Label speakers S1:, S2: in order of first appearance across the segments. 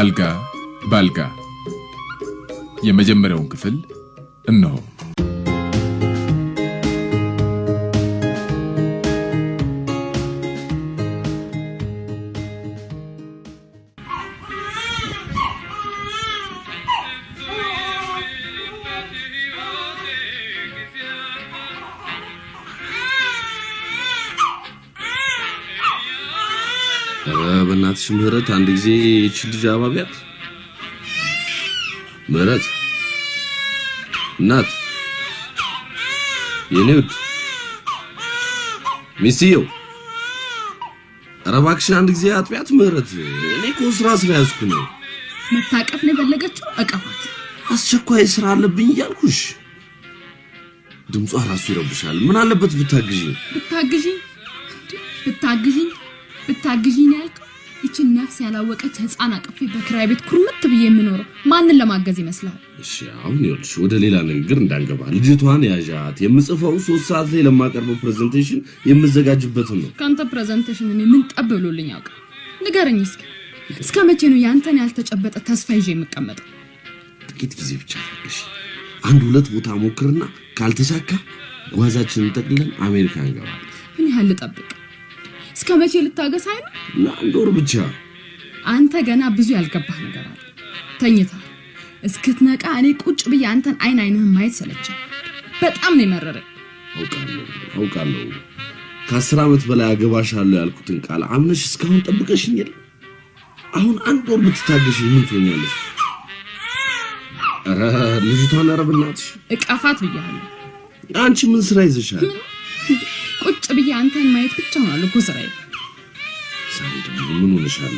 S1: አልጋ ባልጋ የመጀመሪያውን ክፍል እነሆ። ምህረት አንድ ጊዜ ይህች ልጅ አባቢያት ምህረት እናት የኔ ውድ ሚስትየው ኧረ እባክሽን አንድ ጊዜ አጥቢያት ምህረት። እኔ እኮ ስራ ስለያዝኩ ነው። መታቀፍ ነው የፈለገችው? እቀፋት። አስቸኳይ ስራ አለብኝ እያልኩሽ። ድምጿ ራሱ ይረብሻል። ምን አለበት ብታግዢ ብታግዢ ብታግዢ ብታግዢ ነው ያልክ ይችን ነፍስ ያላወቀች ህፃን አቅፌ በክራይ ቤት ኩርምት ብዬ የምኖረው ማንን ለማገዝ ይመስላል? እሺ አሁን ይኸውልሽ፣ ወደ ሌላ ንግግር እንዳንገባ ልጅቷን ያዣት። የምጽፈው ሶስት ሰዓት ላይ ለማቀርበው ፕሬዘንቴሽን የምዘጋጅበትን ነው። ከአንተ ፕሬዘንቴሽን እኔ ምን ጠብ ብሎልኝ ያውቃ? ንገረኝ እስኪ፣ እስከ መቼ ነው ያንተን ያልተጨበጠ ተስፋ ይዤ የምቀመጠው? ጥቂት ጊዜ ብቻ ታገሽ። አንድ ሁለት ቦታ ሞክርና ካልተሳካ ጓዛችንን ጠቅልለን አሜሪካ እንገባለን። ምን ያህል ልጠብቅ? እስከ መቼ ልታገስ አይ ለአንድ ወር ብቻ። አንተ ገና ብዙ ያልገባህ ነገር አለ። ተኝታ እስክትነቃ እኔ ቁጭ ብዬ አንተን አይን አይንህን ማየት ሰለቸኝ። በጣም ነው የመረረኝ። አውቃለሁ አውቃለሁ። ከአስር ዓመት በላይ አገባሻለሁ ያልኩትን ቃል አምነሽ እስካሁን ጠብቀሽኝ የለ። አሁን አንድ ወር ብትታገሽ ምን ትሆኛለሽ? ልጅቷን፣ ኧረ እቃፋት ብያለሁ። አንቺ ምን ስራ ይዘሻል? ቁጭ ብዬ አንተን ማየት ብቻ ነው እኮ ስራዬ። ዛሬ ደግሞ ምን ሆነሻል?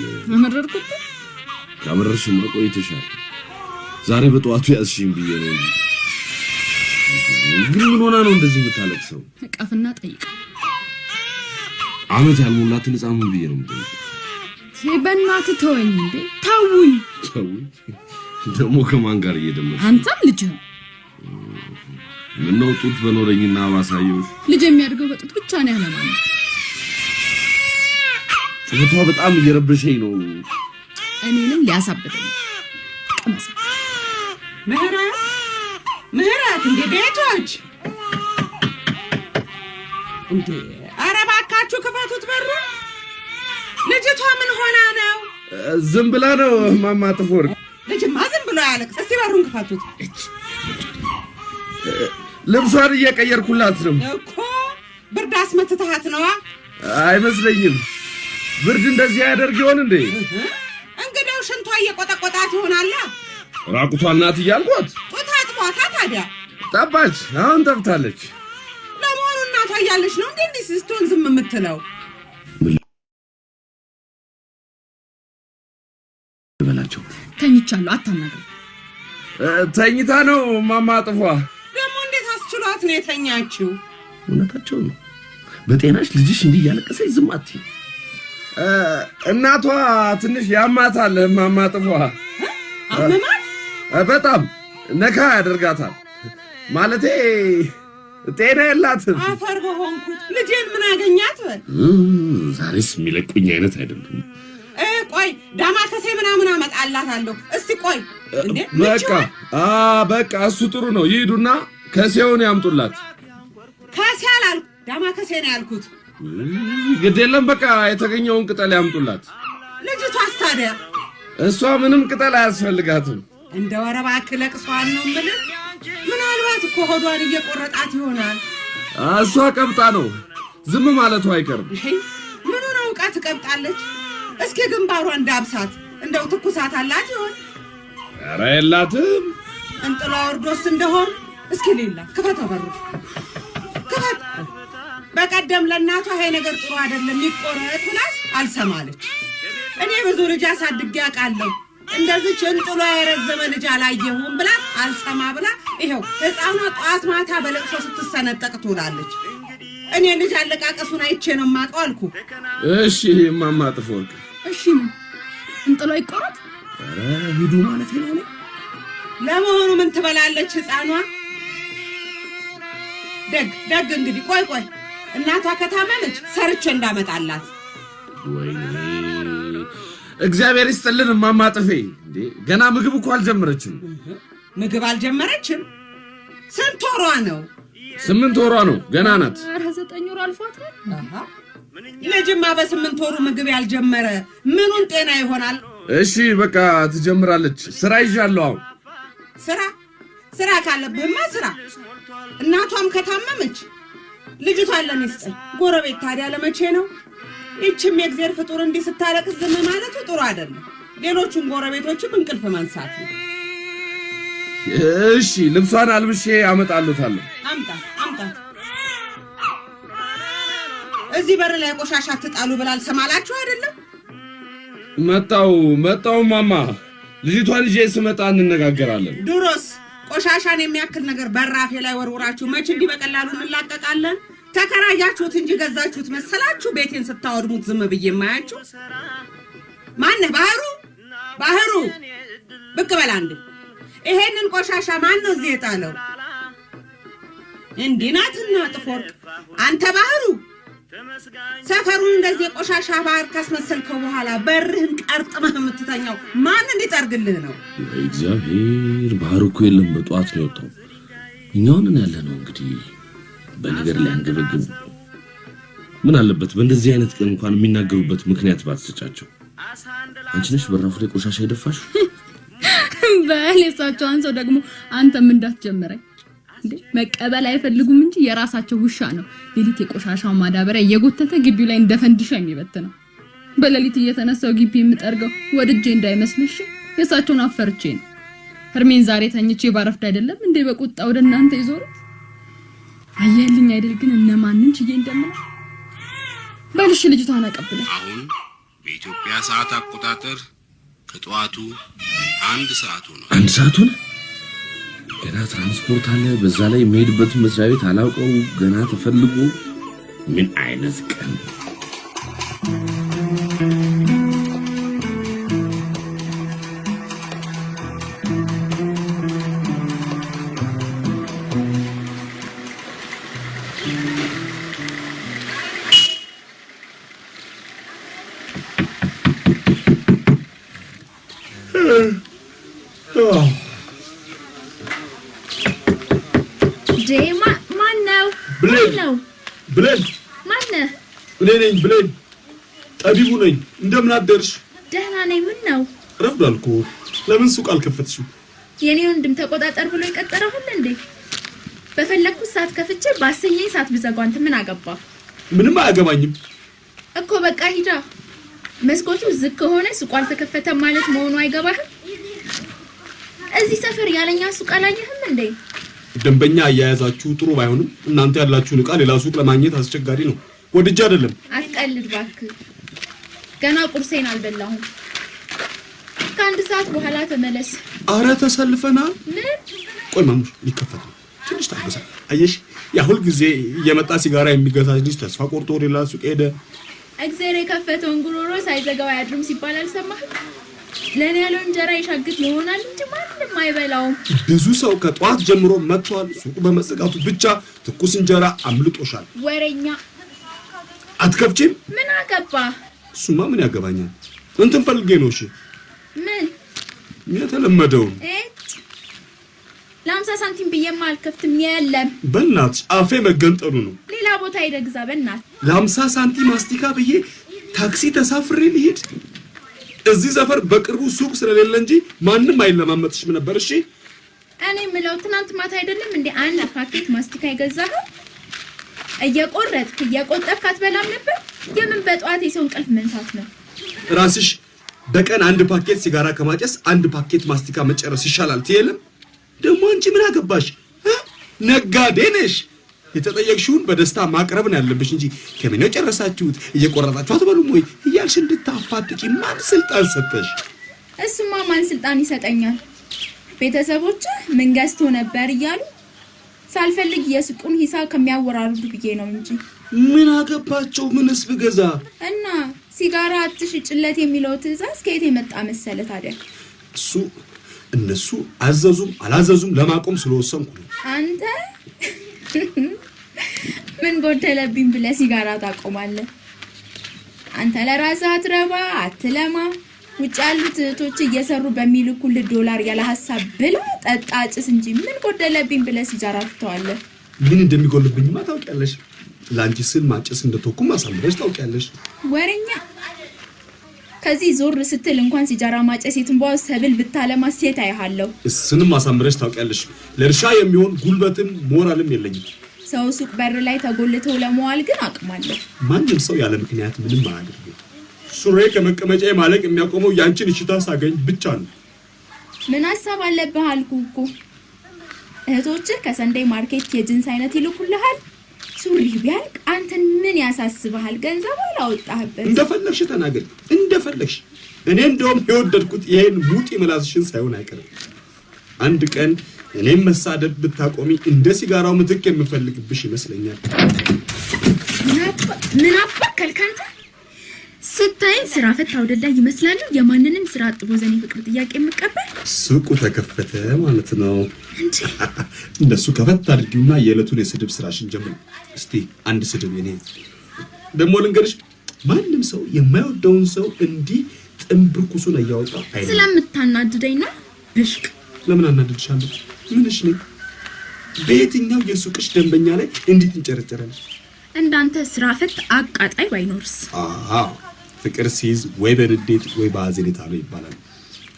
S1: አመረርኩት። ምን ቆይተሻል። ዛሬ በጠዋቱ ያዝሽኝ ብዬ ነው ግን ምን ሆና ነው እንደዚህ የምታለቅሰው? እቀፍና ጠይቅ። አመት ያልሞላትን ህፃን ብዬ ነው የምጠይቅ። በእናትህ ተወኝ እንዴ! ተውኝ። ደግሞ ከማን ጋር እየደመ አንተም ልጅ ነው ምነው ጡት በኖረኝና ባሳየሁሽ። ልጅ የሚያድገው በጡት ብቻ ነው ያለማ። ጩኸቷ በጣም እየረበሸኝ ነው። እኔንም ሊያሳብደኝ ቀመሰ። ምህረት ምህረት፣ እንዴ ቤቶች እንዴ! ኧረ እባካችሁ ክፈቱት በሩ። ልጅቷ ምን ሆና ነው? ዝም ብላ ነው እማማ ጥፎር። ልጅማ ዝም ብሎ ያለቅስ። እስቲ በሩን ክፈቱት። ልብሷን እየቀየርኩላት ነው እኮ። ብርድ አስመትተሃት ነዋ። አይመስለኝም። ብርድ እንደዚህ ያደርግ ይሆን እንዴ? እንግዲያው ሽንቷ እየቆጠቆጣት ይሆናላ። ራቁቷን ናት እያልኳት ጡታ ታዲያ ጠባች፣ አሁን ጠብታለች። ለመሆኑ እናቷ እያለች ነው እንዴ እንዲህ ስትሆን ዝም የምትለው? በላቸው ተኝቻለሁ፣ አታናግር። ተኝታ ነው ማማ ጥፏ እንዴት ነው የተኛችው? እውነታቸው ነው። በጤናሽ ልጅሽ እንዲህ እያለቀሰች ዝም አትይም። እናቷ ትንሽ ያማታል። እማማ ጥፏ አመማት በጣም ነካ ያደርጋታል። ማለቴ ጤና የላትም። አፈር በሆንኩት ልጄን ምን አገኛት? ዛሬስ የሚለቁኝ አይነት አይደለም። ቆይ ዳማ ከሴ ምናምን አመጣላታለሁ። እስቲ ቆይ በቃ በቃ፣ እሱ ጥሩ ነው። ይሂዱና ከሴውን ያምጡላት። ከሴ አላልኩ ዳማ ከሴ ነው ያልኩት። ግድ የለም በቃ የተገኘውን ቅጠል ያምጡላት። ልጅቷ አስታዲያ እሷ ምንም ቅጠል አያስፈልጋትም። እንደ ወረባ ክለቅሷን ነው ምን ምናልባት እኮ ሆዷን እየቆረጣት ይሆናል። እሷ ቀብጣ ነው ዝም ማለቱ አይቀርም። ነው ቃ ትቀብጣለች? እስኪ ግንባሯን ዳብሳት። እንደው ትኩሳት አላት ይሆን? ኧረ የላትም። እንጥሏ ወርዶስ እንደሆን እስኪ ሌላ ክፈት፣ በሩ ክፈት። በቀደም ለእናቷ ይሄ ነገር ጥሩ አይደለም ይቆረጥ ብላት አልሰማለች። እኔ ብዙ ልጅ አሳድጌ አውቃለሁ እንደዚህ ጭንጥሏ የረዘመ ልጅ አላየሁም ብላ አልሰማ ብላ ይኸው ሕፃኗ ጠዋት ማታ በለቅሶ ስትሰነጠቅ ትውላለች። እኔ ልጅ አለቃቀሱን አይቼ ነው የማውቀው አልኩ። እሺ እማማ ወርቅ፣ እሺ እንጥሎ ይቆረጥ ሂዱ ማለት ነው። ለመሆኑ ምን ትበላለች ህፃኗ? ደግ ደግ እንግዲህ ቆይ ቆይ እናቷ ከታመመች ሰርቼ እንዳመጣላት። እግዚአብሔር ይስጥልን እማማ ጥፌ። እንዴ ገና ምግብ እኮ አልጀመረችም። ምግብ አልጀመረችም? ስንት ወሯ ነው? ስምንት ወሯ ነው። ገና ናት። ዘጠኝ ወሯ አልፏት። ልጅማ በስምንት ወሩ ምግብ ያልጀመረ ምኑን ጤና ይሆናል? እሺ በቃ ትጀምራለች። ስራ ይዣለሁ አሁን ስራ ስራ ካለብህማ ስራ። እናቷም ከታመመች ልጅቷን ለኔ ጎረቤት ታዲያ ለመቼ ነው? ይችም የእግዜር ፍጡር እንዲህ ስታለቅስ ዝም ማለቱ ጥሩ አይደለም። ሌሎቹን ጎረቤቶችም እንቅልፍ መንሳት ነው። እሺ፣ ልብሷን አልብሼ አመጣለታለሁ። አምጣ አምጣ። እዚህ በር ላይ ቆሻሻ ትጣሉ ብላል። ሰማላችሁ አይደለም? መጣው፣ መጣው። ማማ ልጅቷን ይዤ ስመጣ እንነጋገራለን። ድሮስ ቆሻሻን የሚያክል ነገር በራፌ ላይ ወርውራችሁ መች እንዲህ በቀላሉ እንላቀቃለን? ተከራያችሁት እንጂ ገዛችሁት መሰላችሁ? ቤቴን ስታወድሙት ዝም ብዬ የማያችሁ ማነህ? ባህሩ ባህሩ፣ ብቅ በል አንዴ። ይሄንን ቆሻሻ ማን ነው እዚህ የጣለው? እንዲህ ናትና አንተ ባህሩ ሰፈሩን እንደዚህ የቆሻሻ ባህር ካስመሰልከው በኋላ በርህን ቀርጥመህ የምትተኛው ማን እንዲጠርግልህ ነው? እግዚአብሔር ባህር እኮ የለም፣ በጠዋት ነው የወጣው። እኛውንን ያለ ነው እንግዲህ በነገር ላይ አንገበግቡ። ምን አለበት በእንደዚህ አይነት ቀን እንኳን የሚናገሩበት ምክንያት ባትሰጫቸው። አንቺ ነሽ በራፉ ላይ ቆሻሻ የደፋሽ። በሌሳቸው አንሰው ደግሞ አንተም እንዳትጀምረኝ መቀበል አይፈልጉም እንጂ የራሳቸው ውሻ ነው። ሌሊት የቆሻሻው ማዳበሪያ እየጎተተ ግቢው ላይ እንደ ፈንዲሻ የሚበት ነው። በሌሊት እየተነሳው ግቢ የምጠርገው ወድጄ እንዳይመስልሽ የእሳቸውን አፈርቼ ነው። እርሜን ዛሬ ተኝቼ ባረፍድ አይደለም እንዴ በቁጣ ወደ እናንተ ይዞሩት አየልኝ አይደል ግን እነማንን ችዬ እንደምለው በልሽ ልጅቷን አቀብለሽ አሁን በኢትዮጵያ ሰዓት አቆጣጠር ከጠዋቱ አንድ ሰዓት ሆኗል። አንድ ሰዓት ሆኗል። ገና ትራንስፖርት አለ። በዛ ላይ የሚሄድበት መስሪያ ቤት አላውቀው ገና ተፈልጎ ምን አይነት ቀን ነኝ ብሌን፣ ጠቢቡ ነኝ። እንደምን አደርሽ? ደህና ነኝ። ምን ነው ረፍዷል እኮ። ለምን ሱቅ አልከፈትሽም? የኔ ወንድም ተቆጣጠር ብሎ የቀጠረሁል እንዴ? በፈለግኩት ሰዓት ከፍቼ ባሰኘኝ ሰዓት ብዘጋው አንተ ምን አገባ? ምንም አያገባኝም እኮ። በቃ ሂዳ። መስኮቱ ዝግ ከሆነ ሱቁ አልተከፈተም ማለት መሆኑ አይገባህም? እዚህ ሰፈር ያለኛ ሱቅ አላየህም እንዴ? ደንበኛ አያያዛችሁ ጥሩ ባይሆንም እናንተ ያላችሁን እቃ ሌላ ሱቅ ለማግኘት አስቸጋሪ ነው። ወድጄ አይደለም። አትቀልድ እባክህ። ገና ቁርሴን አልበላሁም። ከአንድ ሰዓት በኋላ ተመለስ። አረ ተሰልፈናል። ምን? ቆይ ማሙሽ ሊከፈት ነው። ትንሽ ታገሳ። አየሽ፣ ያ ሁል ጊዜ የመጣ ሲጋራ የሚገዛሽ ልጅ ተስፋ ቆርጦ ሌላ ሱቅ ሄደ። እግዚአብሔር የከፈተውን ጉሮሮ ሳይዘጋው አያድርም ሲባል አልሰማህም? ለእኔ ያለው እንጀራ ይሻግት ይሆናል እንጂ ማንም አይበላውም። ብዙ ሰው ከጠዋት ጀምሮ መጥቷል። ሱቁ በመዘጋቱ ብቻ ትኩስ እንጀራ አምልጦሻል። ወሬኛ አትከፍቺም? ምን አገባ? እሱማ ምን ያገባኛል? እንትን ፈልጌ ነው። እሺ ምን? የተለመደውን ለአምሳ ሳንቲም ብዬማ አልከፍትም። የለም በእናትሽ አፌ መገንጠሉ ነው። ሌላ ቦታ ሄደህ ግዛ። በእናትህ ለአምሳ ሳንቲም ማስቲካ ብዬ ታክሲ ተሳፍሬ ልሂድ? እዚህ ሰፈር በቅርቡ ሱቅ ስለሌለ እንጂ ማንም አይለማመጥሽም ነበር። እሺ እኔ የምለው ትናንት ማታ አይደለም እንዴ አንድ ፓኬት ማስቲካ የገዛኸው? እየቆረጥክ እየቆጠብክ አትበላም ነበር? የምን በጠዋት የሰው እንቅልፍ መንሳት ነው? ራስሽ በቀን አንድ ፓኬት ሲጋራ ከማጨስ አንድ ፓኬት ማስቲካ መጨረስ ይሻላል። ትየለም ደግሞ አንቺ ምን አገባሽ? ነጋዴ ነሽ። የተጠየቅሽውን በደስታ ማቅረብ ነው ያለብሽ እንጂ ከምን ጨረሳችሁት እየቆረጣችሁ አትበሉም ወይ እያልሽ እንድታፋጥቂ ማን ስልጣን ሰጠሽ? እሱማ ማን ስልጣን ይሰጠኛል? ቤተሰቦች ምን ገዝቶ ነበር እያሉ ሳልፈልግ የሱቁን ሂሳብ ከሚያወራርዱ ብዬ ነው እንጂ ምን አገባቸው? ምንስ ብገዛ እና ሲጋራ አትሽጭለት የሚለው ትዕዛዝ ከየት የመጣ መሰለ ታዲያ? እሱ እነሱ አዘዙም አላዘዙም ለማቆም ስለወሰንኩ ነው። አንተ ምን ጎደለብኝ ብለህ ሲጋራ ታቆማለህ? አንተ ለራስህ አትረባ አትለማ ውጭ ያሉት እህቶች እየሰሩ በሚልኩል ዶላር ያለ ሀሳብ ብላ ጠጣ ጭስ እንጂ ምን ጎደለብኝ ብለህ ሲጃራ ትተዋለህ። ምን እንደሚጎልብኝማ ታውቂያለሽ። ለአንቺ ስል ማጨስ እንደተኩም አሳምረሽ ታውቂያለሽ። ወሬኛ ከዚህ ዞር ስትል እንኳን ሲጃራ ማጨስ የትንባው ሰብል ብታለማ ሴት አይሃለሁ። እስንም አሳምረሽ ታውቂያለሽ። ለእርሻ የሚሆን ጉልበትም ሞራልም የለኝም። ሰው ሱቅ በር ላይ ተጎልተው ለመዋል ግን አቅማለሁ። ማንም ሰው ያለ ምክንያት ምንም አያደርግም። ሱሬ ከመቀመጫ ማለቅ የሚያቆመው ያንቺን እሽታ ሳገኝ ብቻ ነው። ምን ሀሳብ አለብህ አልኩህ እኮ እህቶችህ ከሰንደይ ማርኬት የጅንስ አይነት ይልኩልሃል። ሱሪ ቢያልቅ አንተን ምን ያሳስብሃል? ገንዘብ አላወጣህበት። እንደፈለግሽ ተናገር፣ እንደፈለግሽ። እኔ እንደውም የወደድኩት ይሄን ሙጢ ምላስሽን ሳይሆን አይቀርም። አንድ ቀን እኔም መሳደብ ብታቆሚ እንደ ሲጋራው ምትክ የምፈልግብሽ ይመስለኛል። ምን አባከልከንተ ስታይ ስራ ፈት አውደላ ይመስላሉ። የማንንም ስራ አጥቦ ዘኔ ፍቅር ጥያቄ የምቀበል ሱቁ ተከፈተ ማለት ነው። እንደሱ ከፈት አድርጊውና የዕለቱን የስድብ ስራሽን ጀምሩ። እስቲ አንድ ስድብ የኔ ደግሞ ልንገርሽ፣ ማንም ሰው የማይወደውን ሰው እንዲህ ጥንብርኩሱን እያወጣ አይ፣ ስለምታናድደኝ ነው። ብሽቅ ለምን አናድድሻለሁ? ምንሽ ነኝ? በየትኛው የሱቅሽ ደንበኛ ላይ እንዴት ትንጨረጨረ? እንዳንተ ስራ ፈት አቃጣይ ባይኖርስ? አዎ ፍቅር ሲይዝ ወይ በንዴት ወይ በአዘኔታ ነው ይባላል።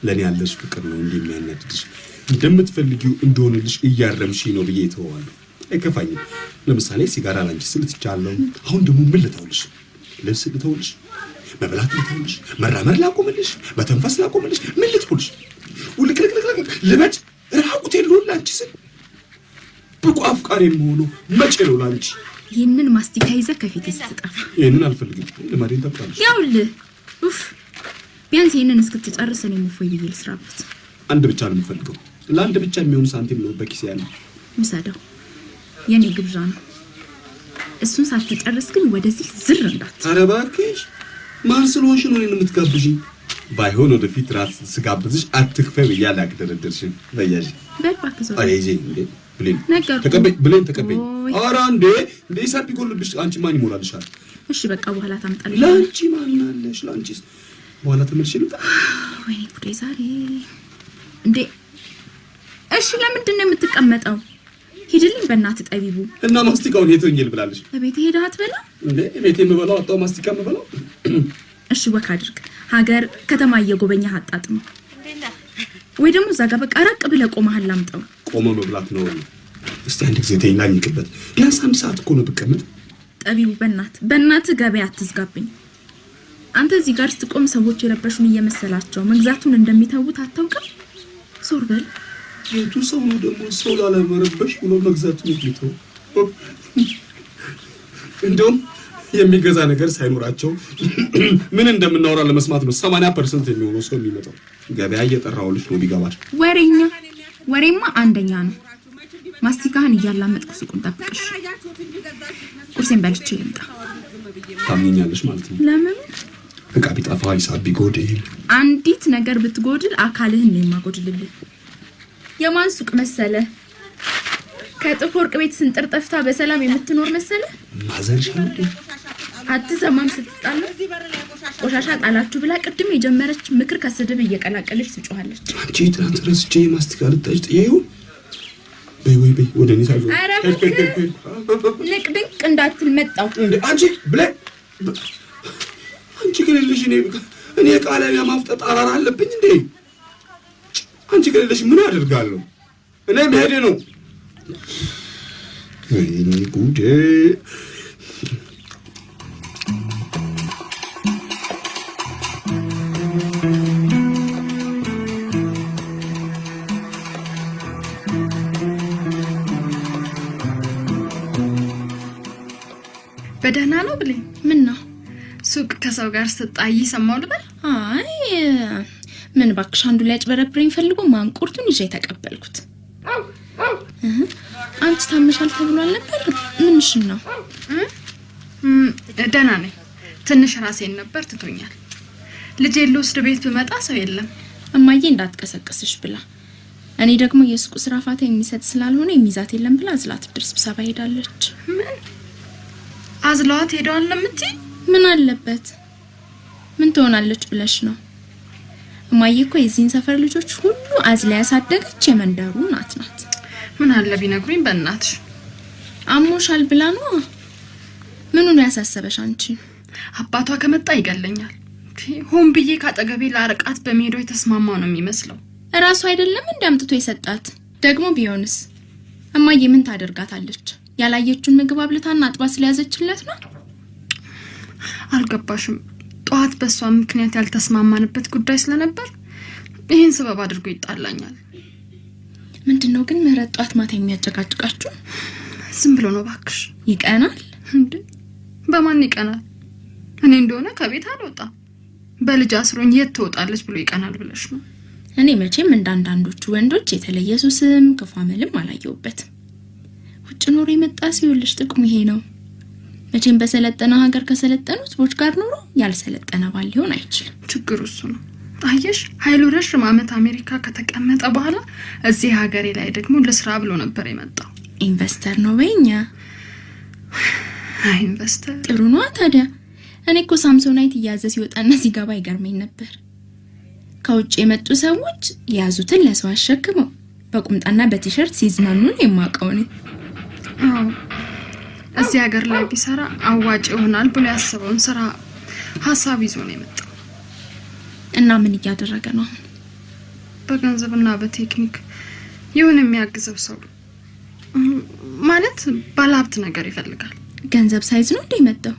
S1: ለእኔ ያለሽ ፍቅር ነው እንዲህ የሚያናድድሽ እንደምትፈልጊው እንደሆንልሽ እያረምሽ ነው ብዬ እተወዋለሁ። አይከፋኝም። ለምሳሌ ሲጋራ ላንቺ ስልትቻለሁ። አሁን ደግሞ ምን ልተውልሽ? ልብስ ልተውልሽ? መብላት ልተውልሽ? መራመር ላቆምልሽ? መተንፈስ ላቆምልሽ? ምን ልተውልሽ? ውልቅልቅልቅልቅ ልመጭ ራቁቴን ልሁን ላንቺ ስል ብቁ አፍቃሪ የምሆነው መቼ ነው ላንቺ? ይህንን ማስቲካ ይዘህ ከፊት ስትጠፋ ይህንን አልፈልግም። ልማዴን ታውቃለች። ያውልህ ኡፍ ቢያንስ ይህንን እስክትጨርስ እኔ የምፎይ ብዬ ልስራበት። አንድ ብቻ ነው የምፈልገው። ለአንድ ብቻ የሚሆን ሳንቲም ነው በኪስ ያለ። ውሰደው፣ የኔ ግብዣ ነው። እሱን ሳትጨርስ ግን ወደዚህ ዝር እንዳት። ኧረ እባክሽ ማን ስለሆንሽ ነው እኔን የምትጋብዥኝ? ባይሆን ወደፊት ራስ ስጋብዝሽ አትክፈይ ብያ ላግደረደርሽን በያዥ በባክ ዞ ይዜ እንዴ ብሌን ተቀበይ፣ ብሌን ተቀበይ። ኧረ እንዴ እንዴ ሂሳብ ቢጎልብሽ አንቺ ማን ይሞላልሻል? እሺ በቃ በኋላ ታምጣለሽ። ለአንቺ ማን አለሽ? ለአንቺስ በኋላ ተመልሼ ልምጣ። ወይኔ ጉዴ ዛሬ እንዴ! እሺ ለምንድን ነው የምትቀመጠው? ሂድልኝ በእናትህ ጠቢቡ። እና ማስቲካውን የት ሆኜ ልብላለሽ? ቤቴ ሄደህ አትበላም እንዴ? ቤቴ የምበላው አጣው ማስቲካ የምበላው። እሺ ወካ አድርግ። ሀገር ከተማ እየጎበኘህ አጣጥመው ወይ ደግሞ እዛ ጋር በቃ ራቅ ብለህ ቆመሃል። ላምጣው ቆሞ መብላት ነው። እስቲ አንድ ጊዜ ተይኝ ላኝክበት። ቢያንስ አምስት ሰዓት እኮ ነው ብቀመጥ። ጠቢው በእናት በእናት ገበያ አትዝጋብኝ። አንተ እዚህ ጋር ስትቆም ሰዎች የረበሹን እየመሰላቸው መግዛቱን እንደሚተዉት አታውቅም? ዞር በል። የቱ ሰው ነው ደግሞ ሰው ላለመረበሽ ብሎ መግዛቱን የሚተው? እንዲሁም የሚገዛ ነገር ሳይኖራቸው ምን እንደምናወራ ለመስማት ነው ሰማንያ ፐርሰንት የሚሆነው ሰው የሚመጣው። ገበያ እየጠራሁልሽ ነው ቢገባሽ ወሬኛ ወሬማ አንደኛ ነው። ማስቲካህን እያላመጥኩ ሱቁን ጠብቅሽ። ቁርሴን በልቼ ልምጣ። ታምኛለሽ ማለት ነው? ለምን እቃ ቢጠፋ ሂሳብ ቢጎድል፣ አንዲት ነገር ብትጎድል አካልህን ነው የማጎድልልህ። የማን ሱቅ መሰለ? ከጥፍ ወርቅ ቤት ስንጥር ጠፍታ በሰላም የምትኖር መሰለ? ማዘርሻ አትሰማም ስትጣለ ቆሻሻ ጣላችሁ ብላ ቅድም የጀመረች ምክር ከስድብ እየቀላቀለች ትጮኋለች። አንቺ ትናንት ረስቼ የማስቲካ ልጣጭ ጥያዩ በይ ወይ በይ ወደ እኔ ታገ ልቅ ድንቅ እንዳትል መጣው አንቺ ብለ አንቺ ከሌለሽ እኔ እኔ ቃላዊ ማፍጠጥ አራራ አለብኝ እንዴ? አንቺ ከሌለሽ ምን አደርጋለሁ? እኔ መሄዴ ነው። ወይኔ ጉዴ በደህና ነው ብለኝ። ምን ነው ሱቅ ከሰው ጋር ስጣይ ሰማው ልበል? አይ ምን ባክሽ፣ አንዱ ላይ አጭበረብረኝ ፈልጎ ማንቁርቱን ይዤ የተቀበልኩት። አንቺ ታመሻል ተብሎ አልነበር? ምንሽን ነው? ደህና ነኝ፣ ትንሽ ራሴን ነበር ትቶኛል። ልጄ ልወስድ ቤት ብመጣ ሰው የለም። እማዬ እንዳትቀሰቅስሽ ብላ እኔ ደግሞ የሱቁ ስራ ፋታ የሚሰጥ ስላልሆነ የሚዛት የለም ብላ ዝላት ድረስ ስብሰባ ሄዳለች። ምን አዝለዋት ሄደዋል ለምትይ ምን አለበት? ምን ትሆናለች ብለሽ ነው? እማዬ እኮ የዚህን ሰፈር ልጆች ሁሉ አዝላ ያሳደገች የመንደሩ ናት ናት። ምን አለ ቢነግሩኝ። በእናትሽ አሞሻል ብላ ነው። ምኑ ነው ያሳሰበሽ አንቺ? አባቷ ከመጣ ይገለኛል። ሆን ብዬ ካጠገቤ ላርቃት በመሄዷ የተስማማው ነው የሚመስለው። እራሱ አይደለም እንዲያምጥቶ የሰጣት ደግሞ ቢሆንስ እማዬ ምን ታደርጋታለች? ያላየችውን ምግብ አብልታና አጥባ ስለያዘችለት ነው። አልገባሽም? ጠዋት በእሷ ምክንያት ያልተስማማንበት ጉዳይ ስለነበር ይህን ስበብ አድርጎ ይጣላኛል። ምንድን ነው ግን ምህረት ጠዋት ማታ የሚያጨቃጭቃችሁ? ዝም ብሎ ነው ባክሽ። ይቀናል እንዴ? በማን ይቀናል? እኔ እንደሆነ ከቤት አልወጣም። በልጅ አስሮኝ የት ትወጣለች ብሎ ይቀናል ብለሽ ነው? እኔ መቼም እንዳንዳንዶቹ ወንዶች የተለየ ሱስም ክፉ አመልም አላየሁበትም። ውጭ ኖሮ የመጣ ሲውልሽ ጥቅሙ ይሄ ነው። መቼም በሰለጠነ ሀገር ከሰለጠኑ ስቦች ጋር ኖሮ ያልሰለጠነ ባል ሊሆን አይችልም። ችግሩ እሱ ነው። አየሽ ኃይሉ ረዥም ዓመት አሜሪካ ከተቀመጠ በኋላ እዚህ ሀገሬ ላይ ደግሞ ለስራ ብሎ ነበር የመጣው። ኢንቨስተር ነው በኛ ኢንቨስተር ጥሩ ነዋ። ታዲያ እኔ እኮ ሳምሶናይት እያዘ ሲወጣና ሲገባ ይገርመኝ ነበር። ከውጭ የመጡ ሰዎች የያዙትን ለሰው አሸክመው በቁምጣና በቲሸርት ሲዝናኑን የማውቀው እዚህ ሀገር ላይ ቢሰራ አዋጭ ይሆናል ብሎ ያሰበውን ስራ ሀሳብ ይዞ ነው የመጣው እና ምን እያደረገ ነው አሁን? በገንዘብና በቴክኒክ ይሁን የሚያግዘው ሰው ማለት ባለሀብት ነገር ይፈልጋል። ገንዘብ ሳይዝ ነው እንደ መጣው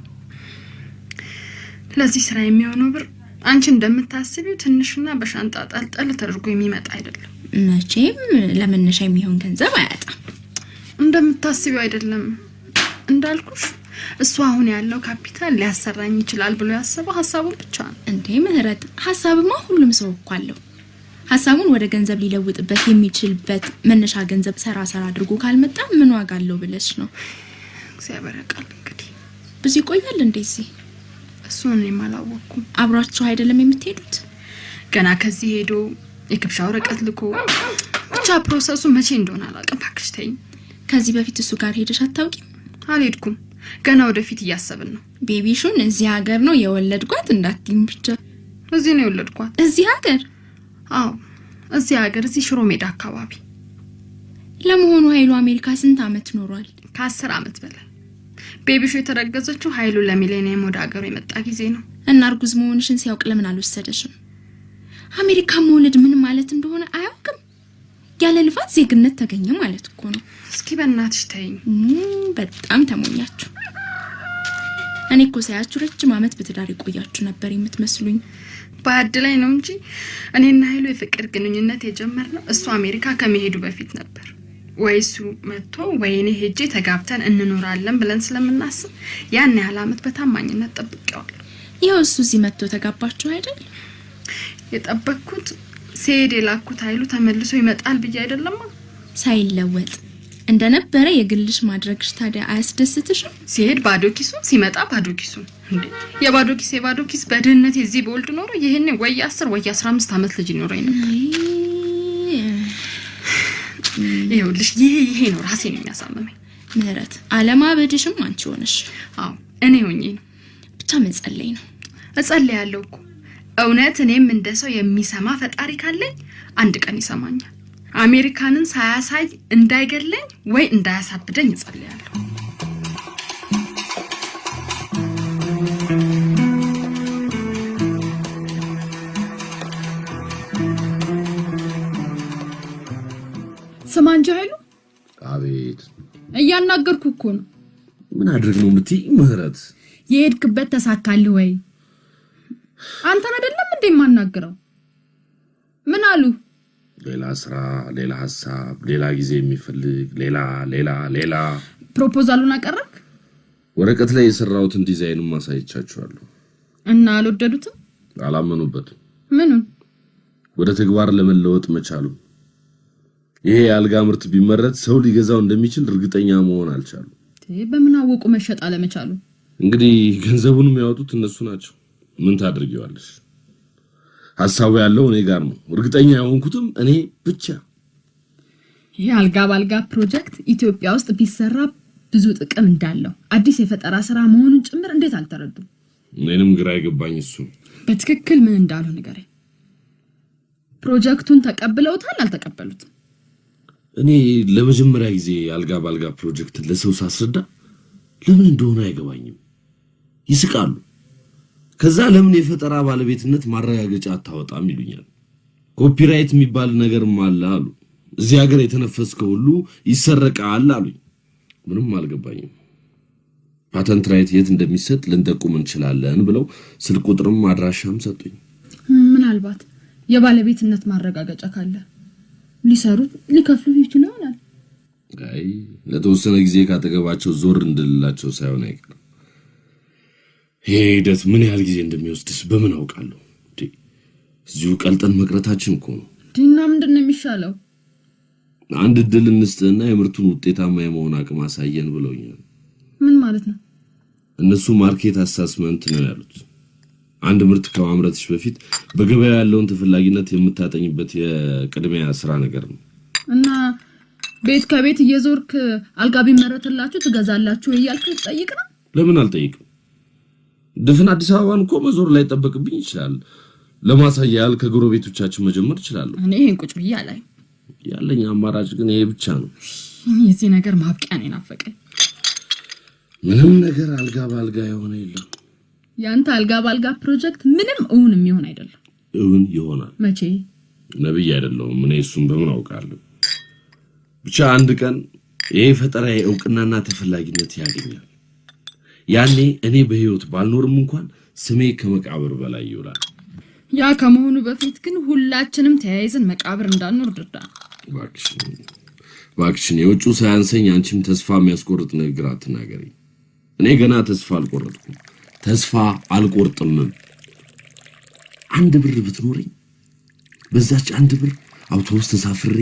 S1: ለዚህ ስራ የሚሆነው ብር አንቺ እንደምታስቢው ትንሽና በሻንጣ ጠልጠል ተደርጎ የሚመጣ አይደለም። መቼም ለመነሻ የሚሆን ገንዘብ አያጣም። እንደምታስቢው አይደለም። እንዳልኩሽ እሱ አሁን ያለው ካፒታል ሊያሰራኝ ይችላል ብሎ ያሰበው ሀሳቡን ብቻ ነው። እንዴ ምህረት፣ ሀሳብማ ሁሉም ሰው እኮ አለው። ሀሳቡን ወደ ገንዘብ ሊለውጥበት የሚችልበት መነሻ ገንዘብ ሰራ ሰራ አድርጎ ካልመጣ ምን ዋጋ አለው ብለሽ ነው። እግዚአብሔር ያውቃል። እንግዲህ ብዙ ይቆያል እንዴ እዚህ? እሱን እኔም አላወቅኩም። አብሯችሁ አይደለም የምትሄዱት? ገና ከዚህ ሄዶ የግብዣ ወረቀት ልኮ ብቻ ፕሮሰሱ መቼ እንደሆነ አላውቅም። እባክሽ ተይኝ። ከዚህ በፊት እሱ ጋር ሄደሽ አታውቂም? አልሄድኩም። ገና ወደፊት እያሰብን ነው። ቤቢሹን እዚህ ሀገር ነው የወለድኳት እንዳትም ብቻ። እዚህ ነው የወለድኳት? እዚህ ሀገር? አዎ፣ እዚህ ሀገር፣ እዚህ ሽሮ ሜዳ አካባቢ። ለመሆኑ ኃይሉ አሜሪካ ስንት አመት ኖሯል? ከአስር አመት በላይ። ቤቢሹ የተረገዘችው ኃይሉ ለሚሌኒየም ወደ ሀገሩ የመጣ ጊዜ ነው። እና እርጉዝ መሆንሽን ሲያውቅ ለምን አልወሰደሽም? አሜሪካ መውለድ ምን ማለት እንደሆነ አያውቅም። ያለ ልፋት ዜግነት ተገኘ ማለት እኮ ነው። እስኪ በእናትሽ ተይኝ። በጣም ተሞኛችሁ። እኔ እኮ ሳያችሁ ረጅም ዓመት በትዳር የቆያችሁ ነበር የምትመስሉኝ። በአድ ላይ ነው እንጂ እኔና ሀይሉ የፍቅር ግንኙነት የጀመርነው እሱ አሜሪካ ከመሄዱ በፊት ነበር። ወይ እሱ መጥቶ ወይ እኔ ሄጄ ተጋብተን እንኖራለን ብለን ስለምናስብ ያን ያህል አመት በታማኝነት ጠብቀዋል። ይኸው እሱ እዚህ መጥቶ ተጋባችሁ አይደል? የጠበቅኩት ሲሄድ የላኩት ኃይሉ ተመልሶ ይመጣል ብዬ አይደለማ። ሳይለወጥ እንደነበረ የግልሽ ማድረግሽ ታዲያ አያስደስትሽም? ሲሄድ ባዶ ኪሱን፣ ሲመጣ ባዶ ኪሱን። እንዴ የባዶ ኪስ የባዶ ኪስ። በድህነት የዚህ በወልድ ኖሮ ይህን ወይ አስር ወይ አስራ አምስት ዓመት ልጅ ይኖረኝ ነበር። ይኸውልሽ ይሄ ይሄ ነው ራሴ ነው የሚያሳምመኝ። ምህረት አለማበድሽም አንቺ ሆነሽ። አዎ እኔ ሆኜ ነው ብቻ መጸለይ ነው። እጸለያለሁ እኮ እውነት እኔም እንደ ሰው የሚሰማ ፈጣሪ ካለኝ አንድ ቀን ይሰማኛል። አሜሪካንን ሳያሳይ እንዳይገለኝ ወይ እንዳያሳብደኝ እጸልያለሁ። ስማ እንጂ ኃይሉ። አቤት። እያናገርኩ እኮ ነው። ምን አድርግ ነው የምትይ? ምህረት የሄድክበት ተሳካልህ ወይ? አንተን አይደለም እንዴ የማናግረው? ምን አሉ? ሌላ ስራ፣ ሌላ ሀሳብ፣ ሌላ ጊዜ የሚፈልግ ሌላ ሌላ ሌላ። ፕሮፖዛሉን አቀረብክ? ወረቀት ላይ የሰራሁትን ዲዛይኑን ማሳየቻችኋለሁ እና አልወደዱትም፣ አላመኑበትም። ምኑን ወደ ተግባር ለመለወጥ መቻሉ። ይሄ የአልጋ ምርት ቢመረት ሰው ሊገዛው እንደሚችል እርግጠኛ መሆን አልቻሉ። በምን አወቁ መሸጥ አለመቻሉ? እንግዲህ ገንዘቡን የሚያወጡት እነሱ ናቸው። ምን ታድርጊዋለሽ? ሀሳቡ ያለው እኔ ጋር ነው። እርግጠኛ የሆንኩትም እኔ ብቻ። ይህ አልጋ ባልጋ ፕሮጀክት ኢትዮጵያ ውስጥ ቢሰራ ብዙ ጥቅም እንዳለው አዲስ የፈጠራ ስራ መሆኑን ጭምር እንዴት አልተረዱም? እኔንም ግራ የገባኝ እሱ። በትክክል ምን እንዳሉ ንገረኝ። ፕሮጀክቱን ተቀብለውታል አልተቀበሉትም? እኔ ለመጀመሪያ ጊዜ አልጋ ባልጋ ፕሮጀክትን ለሰው ሳስረዳ ለምን እንደሆነ አይገባኝም። ይስቃሉ ከዛ ለምን የፈጠራ ባለቤትነት ማረጋገጫ አታወጣም ይሉኛል። ኮፒራይት የሚባል ነገርም አለ አሉ። እዚህ ሀገር የተነፈስከ ሁሉ ይሰረቃል አሉኝ። ምንም አልገባኝም። ፓተንት ራይት የት እንደሚሰጥ ልንጠቁም እንችላለን ብለው ስልክ ቁጥርም አድራሻም ሰጡኝ። ምናልባት የባለቤትነት ማረጋገጫ ካለ ሊሰሩት ሊከፍሉ ይችሉ ይሆናል። አይ ለተወሰነ ጊዜ ካጠገባቸው ዞር እንድልላቸው ሳይሆን አይቀርም። ይሄ ሂደት ምን ያህል ጊዜ እንደሚወስድስ በምን አውቃለሁ? እዚሁ ቀልጠን መቅረታችን እኮ ነው። እና ምንድን ነው የሚሻለው? አንድ እድል እንስጥህና የምርቱን ውጤታማ የመሆን አቅም አሳየን ብለውኛል። ምን ማለት ነው? እነሱ ማርኬት አሳስመንት ነው ያሉት። አንድ ምርት ከማምረትሽ በፊት በገበያ ያለውን ተፈላጊነት የምታጠኝበት የቅድሚያ ስራ ነገር ነው። እና ቤት ከቤት እየዞርክ አልጋ ቢመረትላችሁ ትገዛላችሁ እያልክ ትጠይቅ ነው? ለምን አልጠይቅም? ድፍን አዲስ አበባን እኮ መዞር ላይ ጠበቅብኝ ይችላል። ለማሳያ ያህል ከጎረቤቶቻችን መጀመር እችላለሁ። እኔ ይህን ቁጭ ብዬ ላይ ያለኝ አማራጭ ግን ይሄ ብቻ ነው። የዚህ ነገር ማብቂያ ነው የናፈቀኝ። ምንም ነገር አልጋ በአልጋ የሆነ የለም። ያንተ አልጋ በአልጋ ፕሮጀክት ምንም እውን የሚሆን አይደለም። እውን ይሆናል። መቼ? ነብይ አይደለሁም እኔ እሱም በምን አውቃለሁ። ብቻ አንድ ቀን ይሄ ፈጠራ እውቅናና ተፈላጊነት ያገኛል። ያኔ እኔ በህይወት ባልኖርም እንኳን ስሜ ከመቃብር በላይ ይውላል። ያ ከመሆኑ በፊት ግን ሁላችንም ተያይዘን መቃብር እንዳንኖር ድርዳ። እባክሽን የውጩ ሳያንሰኝ አንቺም ተስፋ የሚያስቆርጥ ንግግር አትናገሪ። እኔ ገና ተስፋ አልቆረጥኩም፣ ተስፋ አልቆርጥምም። አንድ ብር ብትኖረኝ በዛች አንድ ብር አውቶቡስ ተሳፍሬ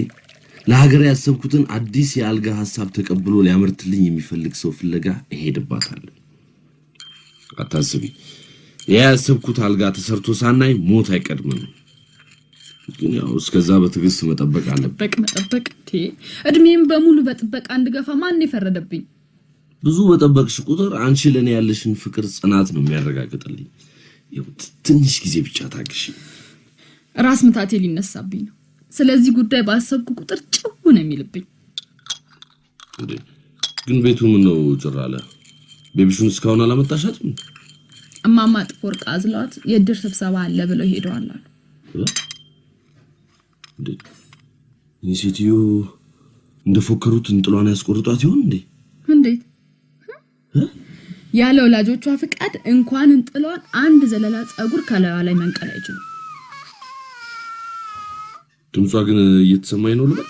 S1: ለሀገር ያሰብኩትን አዲስ የአልጋ ሀሳብ ተቀብሎ ሊያመርትልኝ የሚፈልግ ሰው ፍለጋ እሄድባታለሁ። አታስቢ። የያሰብኩት አልጋ ተሰርቶ ሳናይ ሞት አይቀድምም። ግን ያው እስከዛ በትዕግስት መጠበቅ አለብኝ። መጠበቅ እድሜም በሙሉ በጥበቃ እንድገፋ ማን የፈረደብኝ? ብዙ በጠበቅሽ ቁጥር አንቺ ለእኔ ያለሽን ፍቅር ጽናት ነው የሚያረጋግጥልኝ። ትንሽ ጊዜ ብቻ ታግሽ። ራስ ምታቴ ሊነሳብኝ ነው። ስለዚህ ጉዳይ ባሰብኩ ቁጥር ጭው ነው የሚልብኝ። ግን ቤቱ ምን ነው ጭር አለ? ቤቢሹን እስካሁን አላመጣሻት? እማማ ጥፎወርቅ ቃዝሏት የእድር ስብሰባ አለ ብለው ሄደዋል አሉ። ይህ ሴትዮ እንደፎከሩት እንጥሏን ያስቆርጧት ይሆን እንዴ? እንዴት ያለ ወላጆቿ ፍቃድ እንኳን እንጥሏን አንድ ዘለላ ጸጉር ከላዋ ላይ መንቀል አይችሉም። ድምጿ ግን እየተሰማኝ ነው ልበል።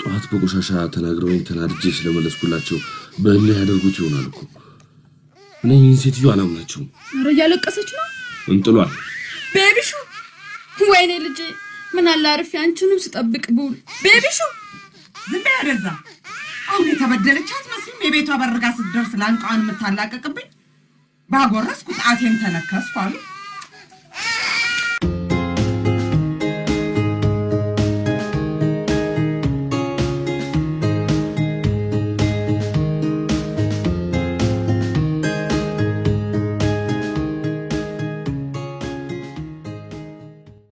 S1: ጠዋት በቆሻሻ ተናግረውኝ ተናድጄ ስለመለስኩላቸው በእልህ ያደርጉት ይሆናል እኮ። እኔ ይህን ሴትዮ አላምናቸውም። ኧረ እያለቀሰች ነው እንጥሏል። ቤቢሹ ወይኔ ልጄ፣ ምን አለ አርፌ አንቺንም ስጠብቅ ብውል። ቤቢሹ ዝም በይ አሁን የተበደለች አትመስልም። የቤቷ በርጋ ስትደርስ ላንቃዋን የምታላቀቅብኝ ባጎረስኩ ጣቴን ተነከስኩ አሉ